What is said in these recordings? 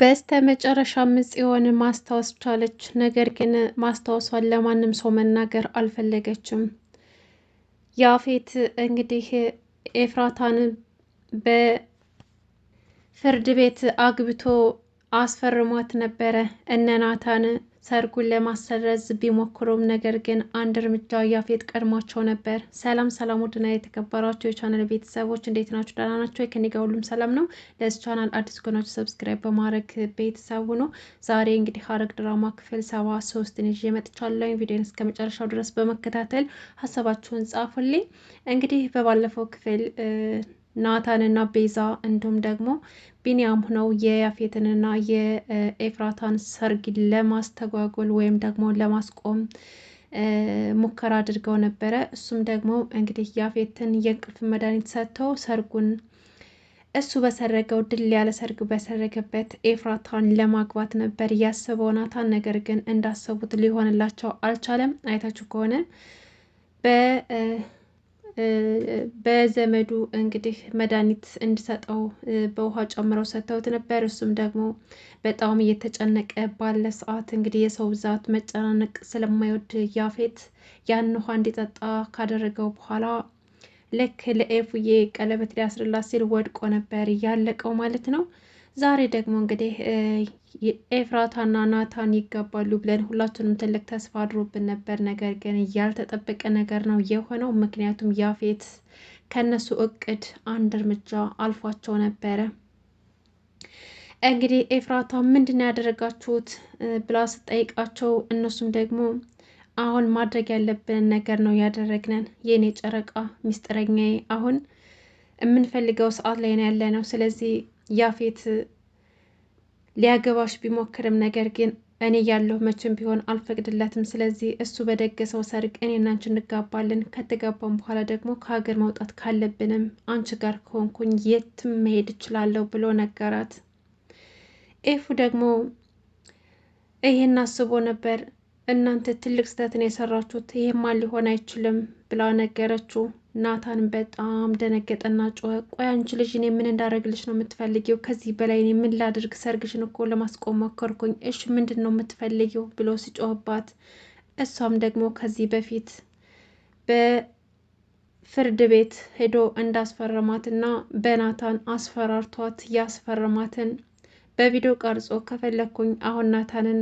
በስተ መጨረሻም ጽዮን ማስታወስ ቻለች። ነገር ግን ማስታወሷን ለማንም ሰው መናገር አልፈለገችም። ያፌት እንግዲህ ኤፍራታን በፍርድ ቤት አግብቶ አስፈርሟት ነበረ እነናታን ሰርጉን ለማሰረዝ ቢሞክሩም ነገር ግን አንድ እርምጃ ያፌት ቀድሟቸው ነበር። ሰላም ሰላም፣ ውድና የተከበራቸው የቻናል ቤተሰቦች እንዴት ናቸው? ደህና ናቸው። ከኔ ጋር ሁሉም ሰላም ነው። ለዚህ ቻናል አዲስ ከሆናችሁ ሰብስክራይብ በማድረግ ቤተሰቡ ነው። ዛሬ እንግዲህ ሐረግ ድራማ ክፍል ሰባ ሶስት ይዤ መጥቻለሁ። ቪዲዮን እስከ መጨረሻው ድረስ በመከታተል ሀሳባችሁን ጻፉልኝ። እንግዲህ በባለፈው ክፍል ናታን እና ቤዛ እንዲሁም ደግሞ ቢንያም ሆነው የያፌትንና የኤፍራታን ሰርግ ለማስተጓጎል ወይም ደግሞ ለማስቆም ሙከራ አድርገው ነበረ። እሱም ደግሞ እንግዲህ ያፌትን የእንቅልፍ መድኃኒት ሰጥተው ሰርጉን እሱ በሰረገው ድል ያለ ሰርግ በሰረገበት ኤፍራታን ለማግባት ነበር ያሰበው ናታን። ነገር ግን እንዳሰቡት ሊሆንላቸው አልቻለም። አይታችሁ ከሆነ በ በዘመዱ እንግዲህ መድኃኒት እንዲሰጠው በውሃ ጨምረው ሰጥተውት ነበር። እሱም ደግሞ በጣም እየተጨነቀ ባለ ሰዓት እንግዲህ የሰው ብዛት መጨናነቅ ስለማይወድ ያፌት ያን ውሃ እንዲጠጣ ካደረገው በኋላ ልክ ለኤፉዬ ቀለበት ሊያስርላት ሲል ወድቆ ነበር ያለቀው ማለት ነው። ዛሬ ደግሞ እንግዲህ ኤፍራታና ናታን ይጋባሉ ብለን ሁላችንም ትልቅ ተስፋ አድሮብን ነበር። ነገር ግን ያልተጠበቀ ነገር ነው የሆነው። ምክንያቱም ያፌት ከነሱ እቅድ አንድ እርምጃ አልፏቸው ነበረ። እንግዲህ ኤፍራታ ምንድን ነው ያደረጋችሁት ብላ ስጠይቃቸው እነሱም ደግሞ አሁን ማድረግ ያለብንን ነገር ነው ያደረግነን። የእኔ ጨረቃ ሚስጥረኛዬ፣ አሁን የምንፈልገው ሰዓት ላይ ነው ያለ ነው። ስለዚህ ያፌት ሊያገባሽ ቢሞክርም ነገር ግን እኔ ያለሁ መቼም ቢሆን አልፈቅድለትም። ስለዚህ እሱ በደገሰው ሰርግ እኔና አንቺ እንጋባለን። ከተጋባም በኋላ ደግሞ ከሀገር መውጣት ካለብንም አንቺ ጋር ከሆንኩኝ የትም መሄድ እችላለሁ ብሎ ነገራት። ኤፉ ደግሞ ይሄን አስቦ ነበር። እናንተ ትልቅ ስህተትን የሰራችሁት፣ ይህማ ሊሆን አይችልም ብላ ነገረችው። ናታን በጣም ደነገጠና ጮኸ። ቆይ አንቺ ልጅ እኔ ምን እንዳደረግልሽ ነው የምትፈልጊው? ከዚህ በላይ እኔ ምን ላድርግ? ሰርግሽን እኮ ለማስቆም ሞከርኩኝ። እሽ ምንድን ነው የምትፈልጊው? ብሎ ሲጮህባት፣ እሷም ደግሞ ከዚህ በፊት በፍርድ ቤት ሄዶ እንዳስፈረማትና በናታን አስፈራርቷት ያስፈረማትን በቪዲዮ ቀርጾ ከፈለግኩኝ አሁን ናታንን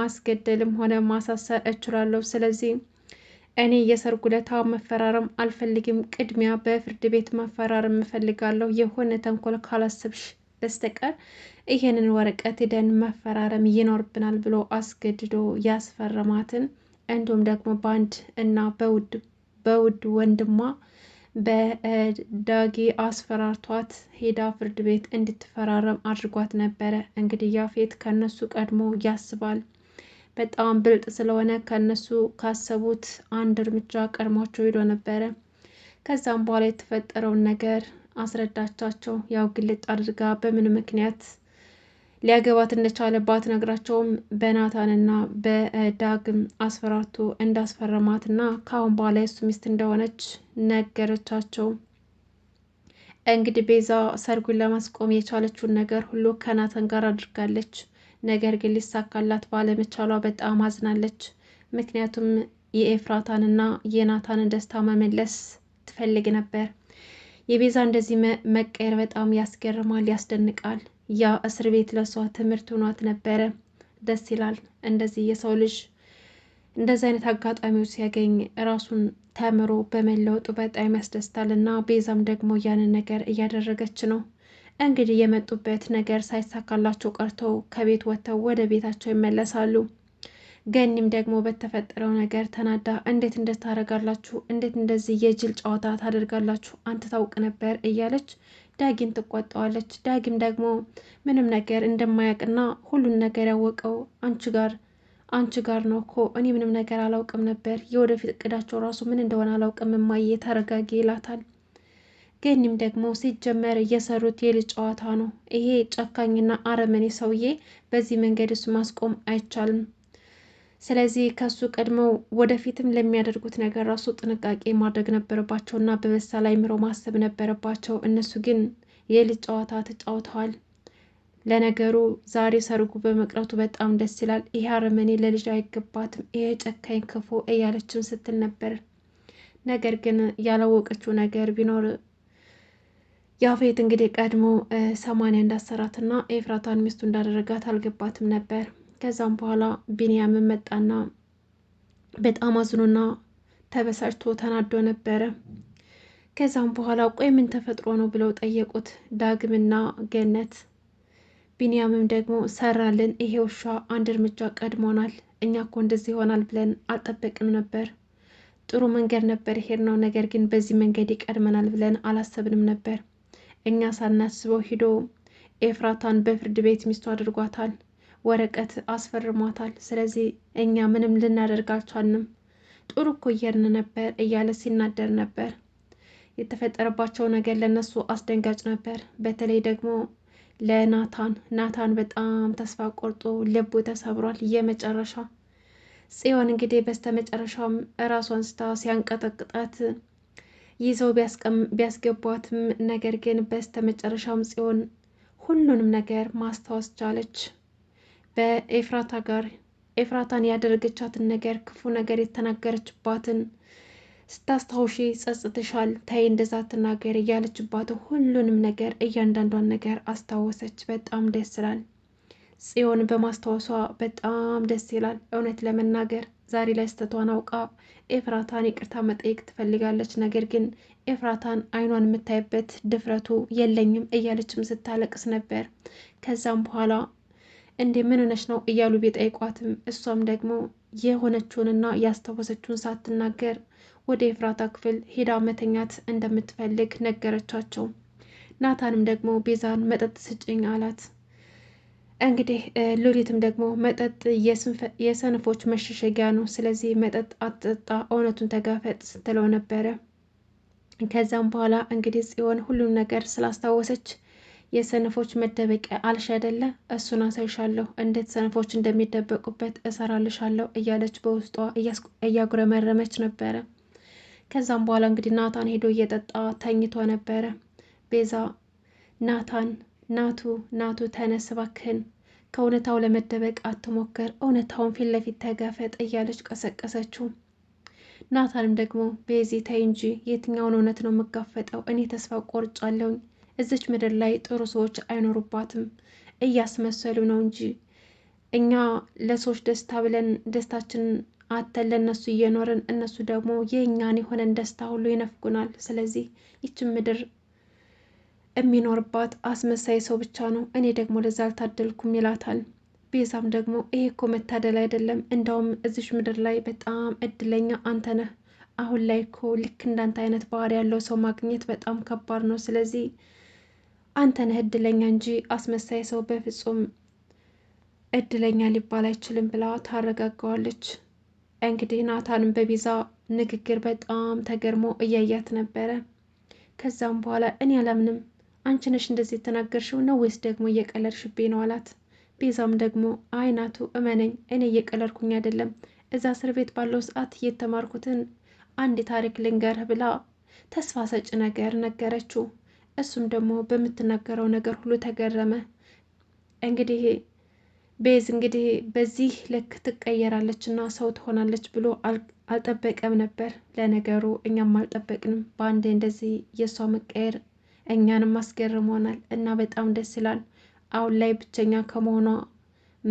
ማስገደልም ሆነ ማሳሰር እችላለሁ። ስለዚህ እኔ የሰርጉ ለታ መፈራረም አልፈልግም። ቅድሚያ በፍርድ ቤት መፈራረም እፈልጋለሁ። የሆነ ተንኮል ካላሰብሽ በስተቀር ይሄንን ወረቀት ደን መፈራረም ይኖርብናል ብሎ አስገድዶ ያስፈረማትን እንዲሁም ደግሞ በአንድ እና በውድ ወንድሟ በዳጊ አስፈራርቷት ሄዳ ፍርድ ቤት እንድትፈራረም አድርጓት ነበረ። እንግዲህ ያፌት ከነሱ ቀድሞ ያስባል። በጣም ብልጥ ስለሆነ ከነሱ ካሰቡት አንድ እርምጃ ቀድሟቸው ሄዶ ነበረ። ከዛም በኋላ የተፈጠረውን ነገር አስረዳቻቸው። ያው ግልጥ አድርጋ በምን ምክንያት ሊያገባት እንደቻለባት ነግራቸውም በናታንና በዳግም አስፈራርቶ እንዳስፈረማትና ከአሁን በኋላ የሱ ሚስት እንደሆነች ነገረቻቸው። እንግዲህ ቤዛ ሰርጉን ለማስቆም የቻለችውን ነገር ሁሉ ከናታን ጋር አድርጋለች። ነገር ግን ሊሳካላት ባለመቻሏ በጣም አዝናለች። ምክንያቱም የኤፍራታንና የናታንን ደስታ መመለስ ትፈልግ ነበር። የቤዛ እንደዚህ መቀየር በጣም ያስገርማል፣ ያስደንቃል። ያ እስር ቤት ለሷ ትምህርት ሆኗት ነበረ። ደስ ይላል እንደዚህ የሰው ልጅ እንደዚህ አይነት አጋጣሚዎች ሲያገኝ ራሱን ተምሮ በመለወጡ በጣም ያስደስታል እና ቤዛም ደግሞ ያንን ነገር እያደረገች ነው። እንግዲህ የመጡበት ነገር ሳይሳካላቸው ቀርቶ ከቤት ወጥተው ወደ ቤታቸው ይመለሳሉ። ገኒም ደግሞ በተፈጠረው ነገር ተናዳ እንዴት እንደት ታደርጋላችሁ? እንዴት እንደዚህ የጅል ጨዋታ ታደርጋላችሁ? አንተ ታውቅ ነበር እያለች ዳጊን ትቆጣዋለች። ዳጊም ደግሞ ምንም ነገር እንደማያውቅና ሁሉን ነገር ያወቀው አንቺ ጋር አንቺ ጋር ነው እኮ እኔ ምንም ነገር አላውቅም ነበር። የወደፊት እቅዳቸው ራሱ ምን እንደሆነ አላውቅም፣ እማዬ ተረጋጊ ይላታል። ገኒም ደግሞ ሲጀመር እየሰሩት የልጅ ጨዋታ ነው። ይሄ ጨካኝና አረመኔ ሰውዬ በዚህ መንገድ እሱ ማስቆም አይቻልም። ስለዚህ ከሱ ቀድመው ወደፊትም ለሚያደርጉት ነገር ራሱ ጥንቃቄ ማድረግ ነበረባቸው እና ላይ ምሮ ማሰብ ነበረባቸው። እነሱ ግን የልጅ ጨዋታ ተጫውተዋል። ለነገሩ ዛሬ ሰርጉ በመቅረቱ በጣም ደስ ይላል። ይሄ አረመኔ ለልጅ አይገባትም፣ ይሄ ጨካኝ ክፉ እያለችም ስትል ነበር። ነገር ግን ያላወቀችው ነገር ቢኖር ያፌት እንግዲህ ቀድሞ ሰማንያ እንዳሰራትና ኤፍራታን ሚስቱ እንዳደረጋት አልገባትም ነበር። ከዛም በኋላ ቢንያም መጣና በጣም አዝኖና ተበሳጭቶ ተናዶ ነበረ። ከዛም በኋላ ቆይ ምን ተፈጥሮ ነው ብለው ጠየቁት ዳግምና ገነት። ቢንያምም ደግሞ ሰራልን፣ ይሄ ውሻ አንድ እርምጃ ቀድሞናል። እኛ እኮ እንደዚህ ይሆናል ብለን አልጠበቅም ነበር። ጥሩ መንገድ ነበር ይሄድ ነው፣ ነገር ግን በዚህ መንገድ ይቀድመናል ብለን አላሰብንም ነበር እኛ ሳናስበው ሂዶ ኤፍራታን በፍርድ ቤት ሚስቱ አድርጓታል፣ ወረቀት አስፈርሟታል። ስለዚህ እኛ ምንም ልናደርጋቸንም ጥሩ እኮ እየርን ነበር እያለ ሲናደር ነበር። የተፈጠረባቸው ነገር ለነሱ አስደንጋጭ ነበር። በተለይ ደግሞ ለናታን ናታን በጣም ተስፋ ቆርጦ ልቡ ተሰብሯል። የመጨረሻ ጽዮን እንግዲህ በስተመጨረሻም እራሷን ስታ ሲያንቀጠቅጣት ይዘው ቢያስገቧትም ነገር ግን በስተመጨረሻም ጽዮን ሁሉንም ነገር ማስታወስ ቻለች። በኤፍራታ ጋር ኤፍራታን ያደረገቻትን ነገር ክፉ ነገር የተናገረችባትን ስታስታውሺ ጸጽትሻል፣ ተይ እንደዛ ትናገር እያለችባት ሁሉንም ነገር እያንዳንዷን ነገር አስታወሰች። በጣም ደስ ይላል። ጽዮን በማስታወሷ በጣም ደስ ይላል እውነት ለመናገር ዛሬ ላይ ስተቷን አውቃ ኤፍራታን ይቅርታ መጠየቅ ትፈልጋለች። ነገር ግን ኤፍራታን አይኗን የምታይበት ድፍረቱ የለኝም እያለችም ስታለቅስ ነበር። ከዛም በኋላ እንዴ ምን ነው እያሉ ቢጠይቋትም እሷም ደግሞ የሆነችውንና ያስታወሰችውን ሳትናገር ወደ ኤፍራታ ክፍል ሄዳ መተኛት እንደምትፈልግ ነገረቻቸው። ናታንም ደግሞ ቤዛን መጠጥ ስጭኝ አላት። እንግዲህ ሉሊትም ደግሞ መጠጥ የሰነፎች መሸሸጊያ ነው፣ ስለዚህ መጠጥ አትጠጣ፣ እውነቱን ተጋፈጥ ስትለው ነበረ። ከዛም በኋላ እንግዲህ ጽዮን ሁሉም ነገር ስላስታወሰች የሰነፎች መደበቂያ አልሽ አይደለ? እሱን አሳይሻለሁ፣ እንዴት ሰነፎች እንደሚደበቁበት እሰራልሻለሁ እያለች በውስጧ እያጉረመረመች ነበረ። ከዛም በኋላ እንግዲህ ናታን ሄዶ እየጠጣ ተኝቶ ነበረ ቤዛ ናታን ናቱ ናቱ ተነስ እባክህን ከእውነታው ለመደበቅ አትሞክር፣ እውነታውን ፊት ለፊት ተጋፈጥ እያለች ቀሰቀሰችው። ናታንም ደግሞ ቤዚ ተይ እንጂ የትኛውን እውነት ነው የምጋፈጠው? እኔ ተስፋ ቆርጫለሁኝ። እዚች ምድር ላይ ጥሩ ሰዎች አይኖሩባትም፣ እያስመሰሉ ነው እንጂ እኛ ለሰዎች ደስታ ብለን ደስታችን አተን ለእነሱ እየኖርን እነሱ ደግሞ የእኛን የሆነን ደስታ ሁሉ ይነፍጉናል። ስለዚህ ይችን ምድር የሚኖርባት አስመሳይ ሰው ብቻ ነው። እኔ ደግሞ ለዛ አልታደልኩም ይላታል። ቤዛም ደግሞ ይሄ እኮ መታደል አይደለም፣ እንዳውም እዚሽ ምድር ላይ በጣም እድለኛ አንተ ነህ። አሁን ላይ እኮ ልክ እንዳንተ አይነት ባህሪ ያለው ሰው ማግኘት በጣም ከባድ ነው። ስለዚህ አንተ ነህ እድለኛ እንጂ አስመሳይ ሰው በፍጹም እድለኛ ሊባል አይችልም ብላ ታረጋገዋለች። እንግዲህ ናታንም በቤዛ ንግግር በጣም ተገርሞ እያያት ነበረ። ከዛም በኋላ እኔ አላምንም አንቺ ነሽ እንደዚህ የተናገርሽው ነው ወይስ ደግሞ እየቀለድሽብኝ ነው አላት። ቤዛም ደግሞ አይናቱ እመነኝ፣ እኔ እየቀለድኩኝ አይደለም፣ እዛ እስር ቤት ባለው ሰዓት የተማርኩትን አንድ ታሪክ ልንገርህ ብላ ተስፋ ሰጭ ነገር ነገረችው። እሱም ደግሞ በምትናገረው ነገር ሁሉ ተገረመ። እንግዲህ ቤዝ እንግዲህ በዚህ ልክ ትቀየራለች እና ሰው ትሆናለች ብሎ አልጠበቀም ነበር። ለነገሩ እኛም አልጠበቅንም። በአንዴ እንደዚህ የእሷ መቀየር እኛንም አስገርሞናል እና በጣም ደስ ይላል። አሁን ላይ ብቸኛ ከመሆኗ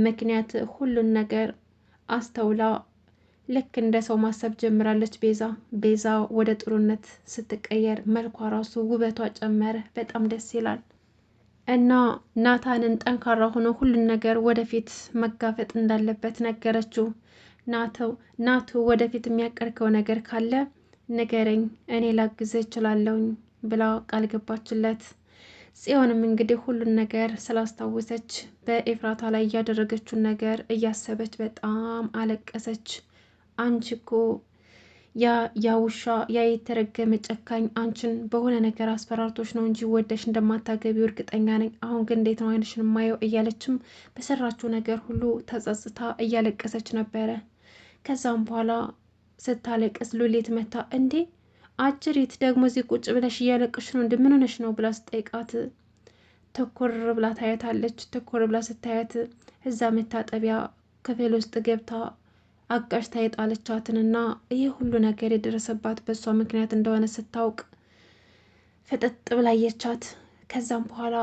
ምክንያት ሁሉን ነገር አስተውላ ልክ እንደ ሰው ማሰብ ጀምራለች። ቤዛ ቤዛ ወደ ጥሩነት ስትቀየር መልኳ ራሱ ውበቷ ጨመረ። በጣም ደስ ይላል እና ናታንን ጠንካራ ሆኖ ሁሉን ነገር ወደፊት መጋፈጥ እንዳለበት ነገረችው። ናተው ናቱ ወደፊት የሚያቀርከው ነገር ካለ ንገረኝ፣ እኔ ላግዘ እችላለሁኝ ብላ ቃል ገባችለት። ጽዮንም እንግዲህ ሁሉን ነገር ስላስታወሰች በኤፍራታ ላይ እያደረገችውን ነገር እያሰበች በጣም አለቀሰች። አንቺ እኮ ያ ያ ውሻ ያ የተረገመ ጨካኝ አንቺን በሆነ ነገር አስፈራርቶች ነው እንጂ ወደሽ እንደማታገቢ እርግጠኛ ነኝ። አሁን ግን እንዴት ነው አይንሽን የማየው? እያለችም በሰራችው ነገር ሁሉ ተጸጽታ እያለቀሰች ነበረ። ከዛም በኋላ ስታለቅስ ሉሌት መታ እንዴ አጭሪት ደግሞ እዚህ ቁጭ ብለሽ እያለቅሽ ነው እንደ ምን ሆነሽ ነው ብላ ስጠይቃት ተኮር ብላ ታያታለች። ተኮር ብላ ስታያት እዛ መታጠቢያ ክፍል ውስጥ ገብታ አጋዥ እና ይህ ሁሉ ነገር የደረሰባት በእሷ ምክንያት እንደሆነ ስታውቅ ፈጠጥ ብላ አየቻት። ከዛም በኋላ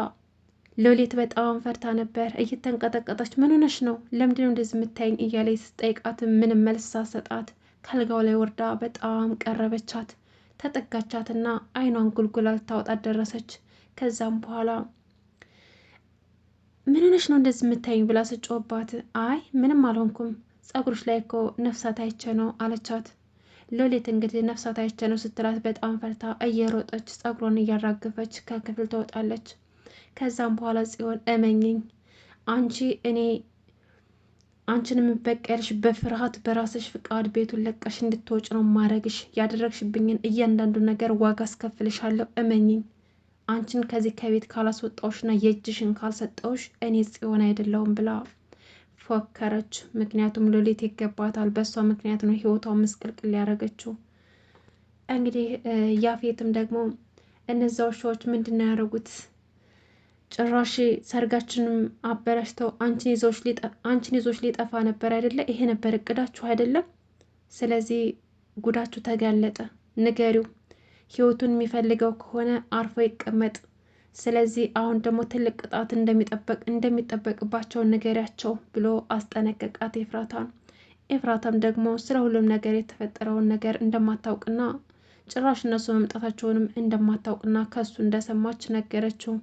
ሎሌት በጣም ፈርታ ነበር፣ እየተንቀጠቀጠች ምን ሆነሽ ነው ለምንድነው እንደዚህ የምታይኝ እያለች ስጠይቃት ምንም መልስ ሳሰጣት ከአልጋው ላይ ወርዳ በጣም ቀረበቻት። ተጠጋቻትና አይኗን ጉልጉላ ልታወጣት ደረሰች። ከዛም በኋላ ምን ሆነሽ ነው እንደዚህ የምታይኝ ብላ ስጮባት፣ አይ ምንም አልሆንኩም ጸጉሮች ላይ እኮ ነፍሳት አይቼ ነው አለቻት። ሎሌት እንግዲህ ነፍሳት አይቼ ነው ስትላት በጣም ፈርታ እየሮጠች ጸጉሯን እያራገፈች ከክፍል ትወጣለች። ከዛም በኋላ ጽዮን እመኝኝ አንቺ እኔ አንቺን የምበቀልሽ በፍርሃት በራስሽ ፍቃድ ቤቱን ለቀሽ እንድትወጭ ነው ማረግሽ። ያደረግሽብኝን እያንዳንዱ ነገር ዋጋ አስከፍልሻለሁ። እመኝኝ። አንቺን ከዚህ ከቤት ካላስወጣውሽና የእጅሽን ካልሰጠውሽ እኔ ጽዮን አይደለውም ብላ ፎከረች። ምክንያቱም ሉሊት ይገባታል። በእሷ ምክንያት ነው ህይወቷ ምስቅልቅል ያደረገችው። እንግዲህ ያፌትም ደግሞ እነዚያ ውሻዎች ምንድን ነው ያደረጉት ጭራሽ ሰርጋችንም አበላሽተው አንቺን ይዞች ሊጠፋ ነበር አይደለ? ይሄ ነበር እቅዳችሁ አይደለም? ስለዚህ ጉዳችሁ ተጋለጠ። ንገሪው። ህይወቱን የሚፈልገው ከሆነ አርፎ ይቀመጥ። ስለዚህ አሁን ደግሞ ትልቅ ቅጣት እንደሚጠበቅ እንደሚጠበቅባቸው ንገሪያቸው ብሎ አስጠነቀቃት ኤፍራታን። ኤፍራታም ደግሞ ስለ ሁሉም ነገር የተፈጠረውን ነገር እንደማታውቅና ጭራሽ እነሱ መምጣታቸውንም እንደማታውቅና ከሱ እንደሰማች ነገረችው።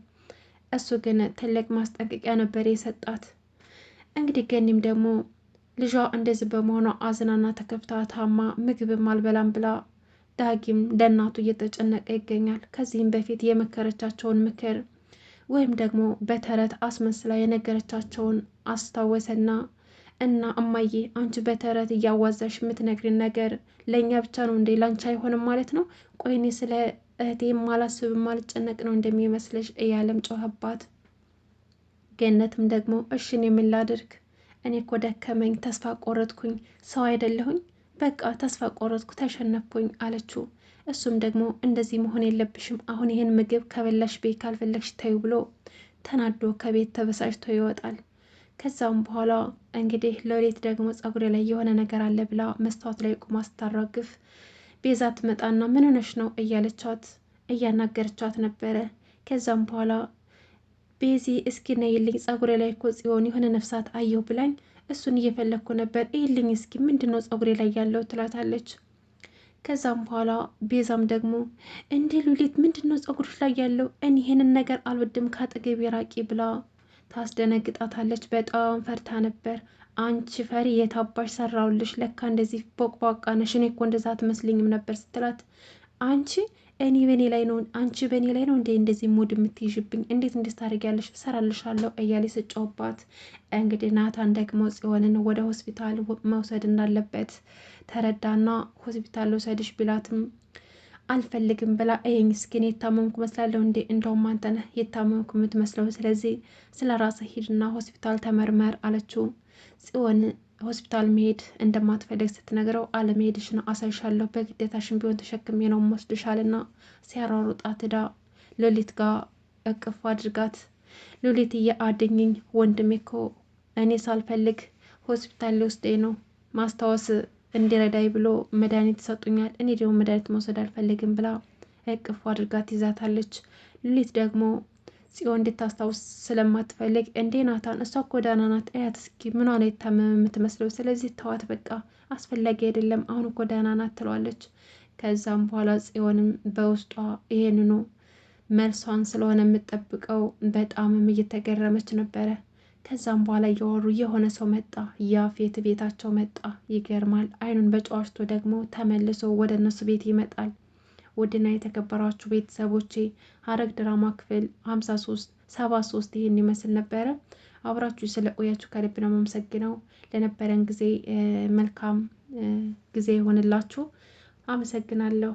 እሱ ግን ትልቅ ማስጠንቀቂያ ነበር የሰጣት። እንግዲህ ገኒም ደግሞ ልጇ እንደዚህ በመሆኗ አዝናና ተከፍታ ታማ ምግብም አልበላም ብላ ዳጊም ለእናቱ እየተጨነቀ ይገኛል። ከዚህም በፊት የመከረቻቸውን ምክር ወይም ደግሞ በተረት አስመስላ የነገረቻቸውን አስታወሰና እና እማዬ አንቺ በተረት እያዋዛሽ የምትነግሪን ነገር ለእኛ ብቻ ነው እንዴ? ላንቺ አይሆንም ማለት ነው? ቆይኔ ስለ እህቴ ማላስብም ማልጨነቅ ነው እንደሚመስለሽ እያለም ጮኸባት። ገነትም ደግሞ እሽን የምላድርግ እኔ እኮ ደከመኝ፣ ተስፋ ቆረጥኩኝ፣ ሰው አይደለሁኝ፣ በቃ ተስፋ ቆረጥኩ፣ ተሸነፍኩኝ አለችው። እሱም ደግሞ እንደዚህ መሆን የለብሽም አሁን ይህን ምግብ ከበላሽ ቤት ካልፈለግሽ ተዩ ብሎ ተናዶ ከቤት ተበሳጭቶ ይወጣል። ከዛም በኋላ እንግዲህ ሎሌት ደግሞ ጸጉሬ ላይ የሆነ ነገር አለ ብላ መስታወት ላይ ቁማ ስታራግፍ ቤዛ ትመጣና ምን ሆነሽ ነው እያለቻት እያናገረቻት ነበረ። ከዛም በኋላ ቤዚ እስኪ ነይልኝ፣ ጸጉሬ ላይ እኮ ጽዮን የሆነ ነፍሳት አየሁ ብላኝ እሱን እየፈለግኩ ነበር፣ ይልኝ እስኪ ምንድን ነው ጸጉሬ ላይ ያለው ትላታለች። ከዛም በኋላ ቤዛም ደግሞ እንዴ ሉሊት ምንድን ነው ጸጉሮች ላይ ያለው? እኔ ይህንን ነገር አልወድም፣ ከአጠገቤ ራቂ ብላ ታስደነግጣታለች። በጣም ፈርታ ነበር። አንቺ ፈሪ የታባሽ ሰራውልሽ፣ ለካ እንደዚህ ቦቅቧቃ ነሽ፣ እኔ እኮ እንደዛ አትመስልኝም ነበር ስትላት አንቺ እኔ በእኔ ላይ ነው አንቺ በእኔ ላይ ነው እንዴ እንደዚህ ሙድ የምትይዥብኝ? እንዴት እንዴት ታደርጊያለሽ? እሰራልሻለሁ እያለ ስጫውባት፣ እንግዲህ ናታን ደግሞ ጽዮንን ወደ ሆስፒታል መውሰድ እንዳለበት ተረዳና ሆስፒታል ውሰድሽ ቢላትም አልፈልግም ብላ ይሄኝ እስኪን የታመምኩ መስላለሁ እንዴ? እንደውም አንተ ነህ የታመምኩ የምትመስለው። ስለዚህ ስለ ራስህ ሂድና ሆስፒታል ተመርመር አለችው። ጽዮን ሆስፒታል መሄድ እንደማትፈልግ ስትነግረው ነው አሳይሻለሁ፣ በግዴታሽን ቢሆን ተሸክሜ ነው የምወስድሻልና ሲያሯሩጣት ሄዳ ሎሊት ጋር እቅፍ አድርጋት ሎሊት እየአደኝኝ ወንድሜ እኮ እኔ ሳልፈልግ ሆስፒታል ሊወስደኝ ነው ማስታወስ እንዲረዳይ ብሎ መድኃኒት ይሰጡኛል፣ እኔ ደግሞ መድኃኒት መውሰድ አልፈልግም ብላ እቅፉ አድርጋት ይዛታለች። ሉሊት ደግሞ ጽዮን እንድታስታውስ ስለማትፈልግ እንዴ ናታን፣ እሷ እኮ ደህና ናት፣ እያት እስኪ ምኗ ነው የታመመ የምትመስለው? ስለዚህ ተዋት በቃ አስፈላጊ አይደለም፣ አሁን እኮ ደህና ናት ትሏለች። ከዛም በኋላ ጽዮንም በውስጧ ይሄንኑ መልሷን ስለሆነ የምጠብቀው በጣምም እየተገረመች ነበረ። ከዛም በኋላ እያወሩ የሆነ ሰው መጣ፣ ያፌት ቤታቸው መጣ። ይገርማል። አይኑን በጨዋርቶ ደግሞ ተመልሶ ወደ እነሱ ቤት ይመጣል። ውድና የተከበራችሁ ቤተሰቦቼ ሐረግ ድራማ ክፍል 53 73 ይህን ይመስል ነበረ። አብራችሁ ስለቆያችሁ ከልብ ነው የማመሰግነው። ለነበረን ጊዜ መልካም ጊዜ ይሆንላችሁ። አመሰግናለሁ።